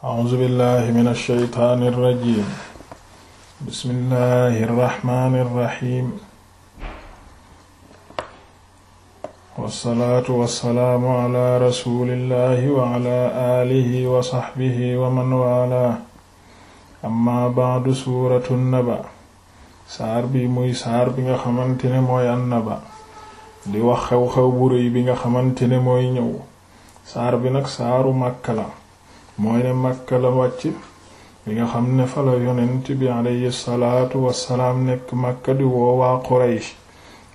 A'uuzu billaahi mina shaytaani rajiim bismillaahi rahmaani rahiim wassalaatu wassalaamu alaa rasuulillaahi wa alaa aalihi wa sahbihi wa man waalaah amma ba'du suuratu Naba saar bi muy saar bi nga xamante ne mooy di wax xew-xew bu rëy bi nga xamante ne mooy ñëw saar bi nag saaru Makka mooy ne Makka la wàcc li nga xam ne fala yonent bi alayhi salaatu wassalaam nekk Makka di woowaa Quraysh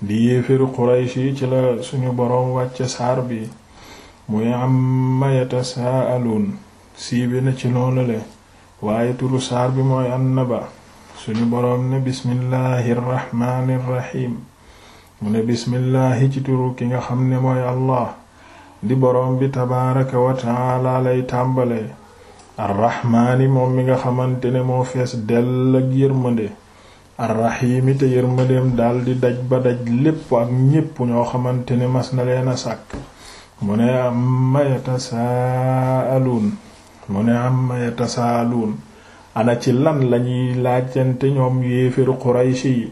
di yéeféru Quraysh yi ci la suñu boroom wàcce saar bi muy amma yatasaa'aluun siibi na ci loolale waaye turu saar bi mooy annaba suñu boroom ne bismillahi rrahmaani mu ne bismillahi ci turu ki nga xam ne mooy Allah di borom bi tabaaraka wa taala tàmbalee arraxmaani moom mi nga xamante ne moo fees dell ak yërmande arraxiimi te yërmandeem daldi daj ba daj lépp ak ñépp ñoo xamante ne mas na leen a sàkk mu ne amma yatasaaluun mu ne amma yatasaaluun ana ci lan lañuy lajjante ñoom yéefir qurayshi yi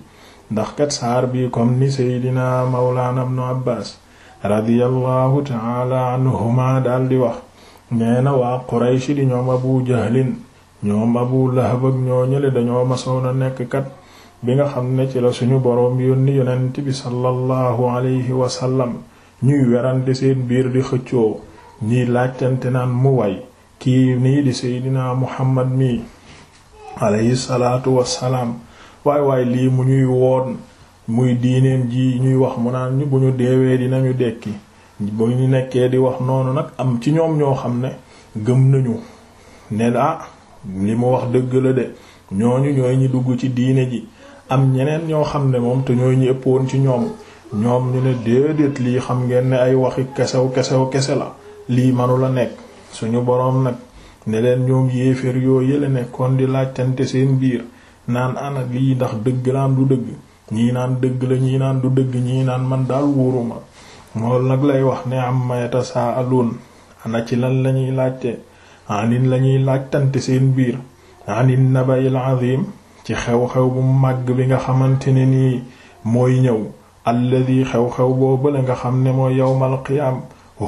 ndax kat saar bi comme ni seydina mawlaana ibnu abbaas radiyallahu taala anhuma daal di wax nee waa Quraysh di ñoom Abu Jahlin ñoom Abu Lahab ak ñoo ñële dañoo masoon a nekk kat bi nga xam ne ci la suñu boroom yónni yonent bi sallallahu alayhi wasallam ñuy werante seen biir di xëccoo ñiy laajtante naan mu way kii nii di seydinaa Muhammad mi alayhi salaatu wassalaam waay waay lii mu ñuy woon muy diineem ji ñuy wax mu naa ñu bu ñu deewee dinañu dekki bu ñu nekkee di wax noonu nag am ci ñoom ñoo xam ne gëm nañu ne ah li mu wax dëgg la de ñooñu ñooy ñi dugg ci diine ji am ñeneen ñoo xam ne moom te ñooy ñi ëpp ci ñoom ñoom ñu ne déedéet lii xam ngeen ne ay waxi kesew kesew kese la lii manula nekk suñu boroom nag ne leen ñoom yéeféer yoo yële nekkoon di laajtante seen biir naan ana lii ndax dëgg la du dëgg ñii naan dëgg la ñii naan du dëgg ñii naan man daal wóoruma loolu nag lay wax ne amma yatasaaluun na ci lan lañuy laajte anin lañuy laajtante seen biir anin nabayil azim ci xew-xew bu màgg bi nga xamante ne nii mooy ñëw alladi xew-xew boobu la nga xam ne moo yawmal qiyaam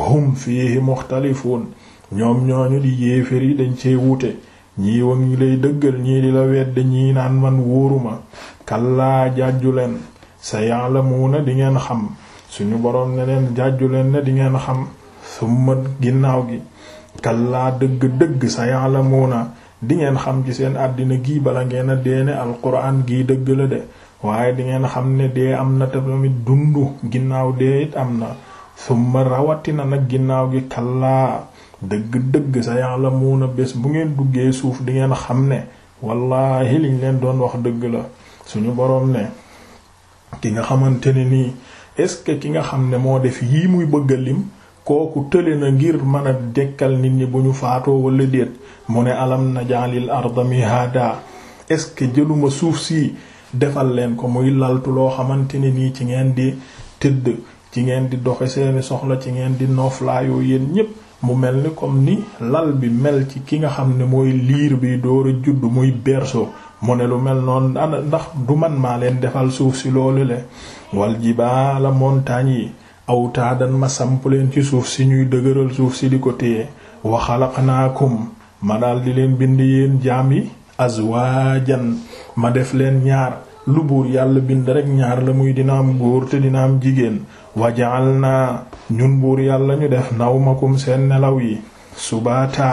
hum fiihi muxtalifuun ñoom ñooñu di yéefér yi dañ ci wuute ñii wa ngi lay dëggal ñii di la wedd ñii naan man wóoruma kallaa jàjju leen sa ya'lamuuna di ngeen xam suñu boroom ne leen leen ne di ngeen xam summa ginnaaw gi kallaa dëgg-dëgg sa ya'lamuuna di ngeen xam ci seen àddina gii bala ngeen a deene alquran gii dëgg la de waaye di ngeen xam ne dee am na tamit dund ginnaaw dee it am na summa na nag ginnaaw gi kallaa dëgg-dëgg sa ya'lamuuna bés bu ngeen duggee suuf di ngeen xam ne wallaahi liñ leen doon wax dëgg la suñu boroom ne ki nga xamante ne nii est-ce que ki nga xam ne moo def yii muy bëgg a lim kooku tële na ngir mën a dekkal nit ñi bu ñu faatoo wala déet mu ne alam na naj'alil arda mihada est-ce que jëluma suuf si defal leen ko muy laltu loo xamante ne nii ci ngeen di tëdd ci ngeen di doxe seeni soxla ci ngeen di nooflaayoo yéen ñépp mu mel ni comme ni lal bi mel ci ki nga xam ne mooy liir bi door a judd muy berceau mu ne lu mel noonu ndax du man maa leen defal suuf si loolu le wal jibaala montagne yi aw ma samp leen ci suuf si ñuy dëgëral suuf si di ko téye wa xalaqnaakum ma daal leen bind yéen jaam yi azwaajan ma def leen ñaar lu buur yàlla bind rek ñaar la muy dina am góor te dina am jigéen wajaal naa ñun buur yàlla ñu def nawmakum seen nelaw yi subata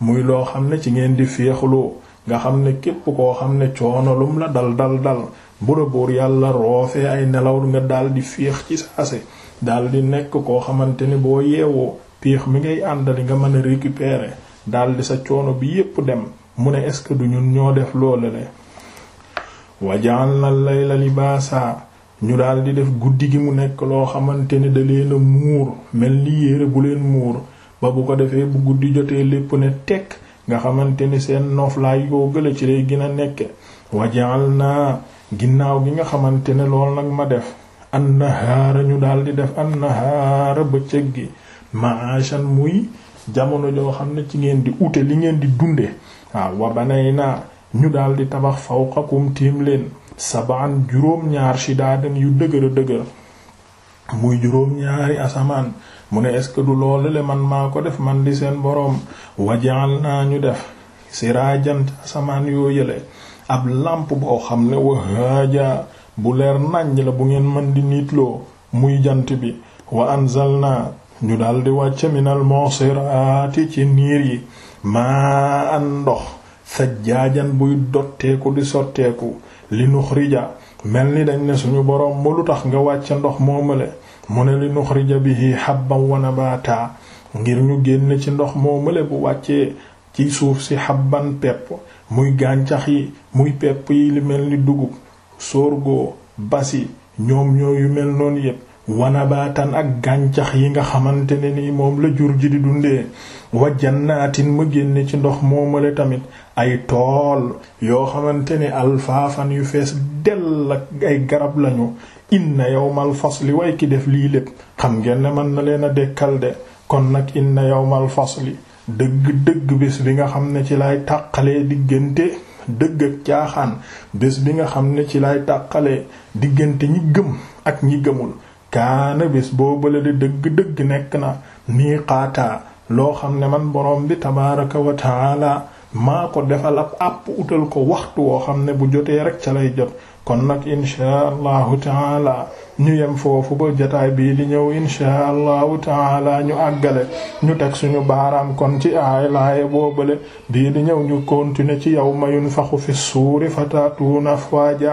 muy loo xam ne ci ngeen di féexlu nga xam ne képp koo xam ne coono lum la dal dal dal bu buur yàlla roofee ay nelaw nga dal di féex ci saase dal di nekk koo xamante ni boo yeewoo piix mi ngay àndali nga mën a récupérer dal di sa coono bi yépp dem mu ne est-ce que du ñun ñoo def loolu le waja'alna al-layla libaasa ñu daal di def guddi gi mu nekk loo xamante ne da leen muur mel ni yére bu leen muur ba bu ko defee bu guddi jotee lépp ne tekk nga xamante ni seen nooflaay yoo gële ci lay gën a nekke waja'alna ginnaaw gi nga xamante ne lool nag ma def annahaara ñu daal di def na annahaara bëccëg gi ma'ashan muy jamono joo xam ne ci ngeen di ute li ngeen di dunde waaw wa banay naa ñu daldi tabax fawqakum tiim leen sabaan juróom-ñaar shidaadan yu dëgër dëgër muy juróom-ñaari asamaan mu ne est-ce man maa ko def man di seen boroom wajaal naa ñu def siraajan asamaan yoo yële ab làmp boo xam ne wa haaja bu leer nàññ la bu ngeen mën di niitloo muy jant bi wa anzalna ñu daldi wàcce minal mu'siraati ci niir yi maa an ndox jaajan buy dotteeku di sotteeku li nuxrija mel ni dañ ne suñu borom mu lu tax nga wàcce ndox moomale mu ne li nuxrija bihi habban wa nabata ngir ñu génn ci ndox moo moomale bu wàccee ci suuf si habban pepp muy gàncax yi muy pepp yi li mel ni dugub sorgo basi ñoom ñooyu mel noonu yépp wanabaatan ak gàncax yi nga xamante ne ni moom la jur ji di dundee wa jannaatin ma génne ci ndox moomale tamit ay tool yoo xamante ne alfaafan yu fees dell ak ay garab lañu inna yawmal fasli way ki def lii lépp xam ngeen ne mën na leen a dekkal de kon nag inna yawmal fasli dëgg-dëgg bés bi nga xam ne ci lay tàqalee diggante dëgg ak caaxaan bés bi nga xam ne ci lay tàqalee diggante ñi gëm ak ñi gëmul kaana bés boobale di dëgg-dëgg nekk na miiqaata loo xam ne man borom bi tabaaraka wa taala maa ko defal ab àpp utal ko waxtu woo xam ne bu jotee rek ca lay jot kon nag inchaa allahu taala ñu yem foofu ba jotaay bii di ñëw inchaa allahu taala ñu àggale ñu teg suñu baaraam kon ci aay laaye boobale bii di ñëw ñu continuer ci yawma yunfaxu fi suuri fatatuuna afwaaja